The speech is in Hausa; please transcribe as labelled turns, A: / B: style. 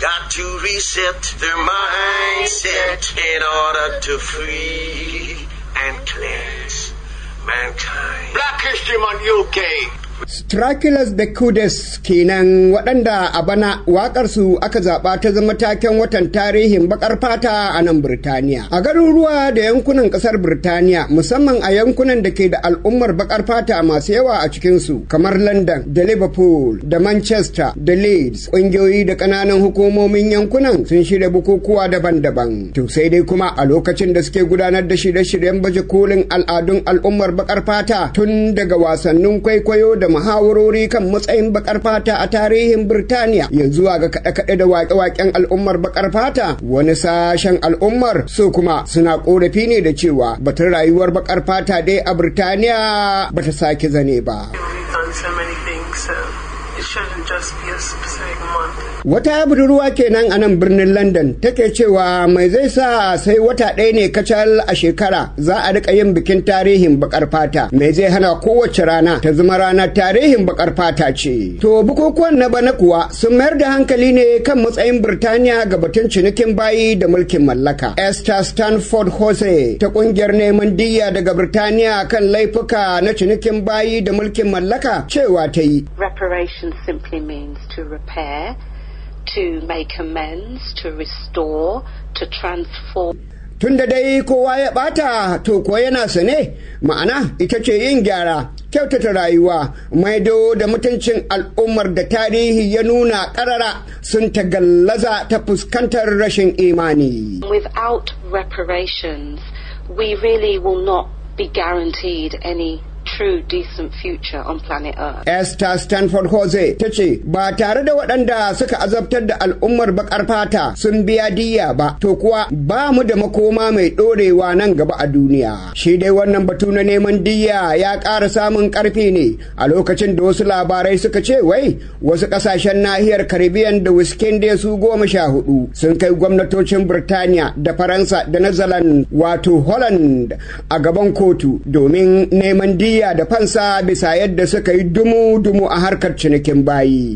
A: got to reset their mindset in order to free and cleanse mankind. Black History Month UK da Becudes kenan waɗanda a bana waƙarsu aka zaɓa ta zama taken watan tarihin baƙar fata a nan Birtaniya. A garuruwa da yankunan ƙasar Birtaniya musamman a yankunan da ke da al'ummar baƙar fata masu yawa a cikinsu kamar London da Liverpool da Manchester da Leeds ƙungiyoyi da ƙananan hukumomin yankunan sun shirya bukukuwa daban-daban. To sai dai kuma a lokacin da suke gudanar da shirye-shiryen baje kolin al'adun al'ummar baƙar fata tun daga wasannin kwaikwayo da muhawarori kan matsayin bakar fata a tarihin Birtaniya yanzu ga kaɗe-kaɗe da waƙe-waƙen al'ummar bakar fata wani sashen al'ummar su kuma suna ƙorafi ne da cewa batun rayuwar bakar fata dai a Birtaniya bata sake zane ba. Wata budurwa kenan a nan birnin London take cewa mai zai sa sai wata ɗaya ne kacal a shekara za a rika yin bikin tarihin bakar fata. Mai zai hana kowace rana ta zama rana tarihin bakar fata ce. To bukukuwan na bana kuwa sun mayar da hankali ne kan matsayin Birtaniya ga batun cinikin bayi da mulkin mallaka. Esther Stanford Jose ta kungiyar neman diyya daga Birtaniya kan laifuka na cinikin bayi da mulkin mallaka cewa ta yi.
B: reparation simply means to repair, to make amends, to restore, to transform.
A: Tun da dai kowa ya ɓata to kuwa yana sane, ma'ana ita ce yin gyara, kyautata rayuwa, maido da mutuncin al'ummar da tarihi ya nuna ƙarara sun tagallaza ta fuskantar rashin imani.
B: Without reparations, we really will not be guaranteed any true decent future on planet Earth.
A: Esther Stanford Jose ta ce ba tare da waɗanda suka azabtar da al'ummar baƙar fata sun biya diya ba to kuwa ba mu da makoma mai ɗorewa nan gaba a duniya. Shi dai wannan batu na neman diya ya ƙara samun ƙarfi ne a lokacin da wasu labarai suka ce wai wasu ƙasashen nahiyar Caribbean da Wisconsin su goma sha hudu sun kai gwamnatocin Birtaniya da Faransa da Netherlands wato Holland a gaban kotu domin neman diya da fansa bisa yadda suka yi dumu-dumu a harkar cinikin bayi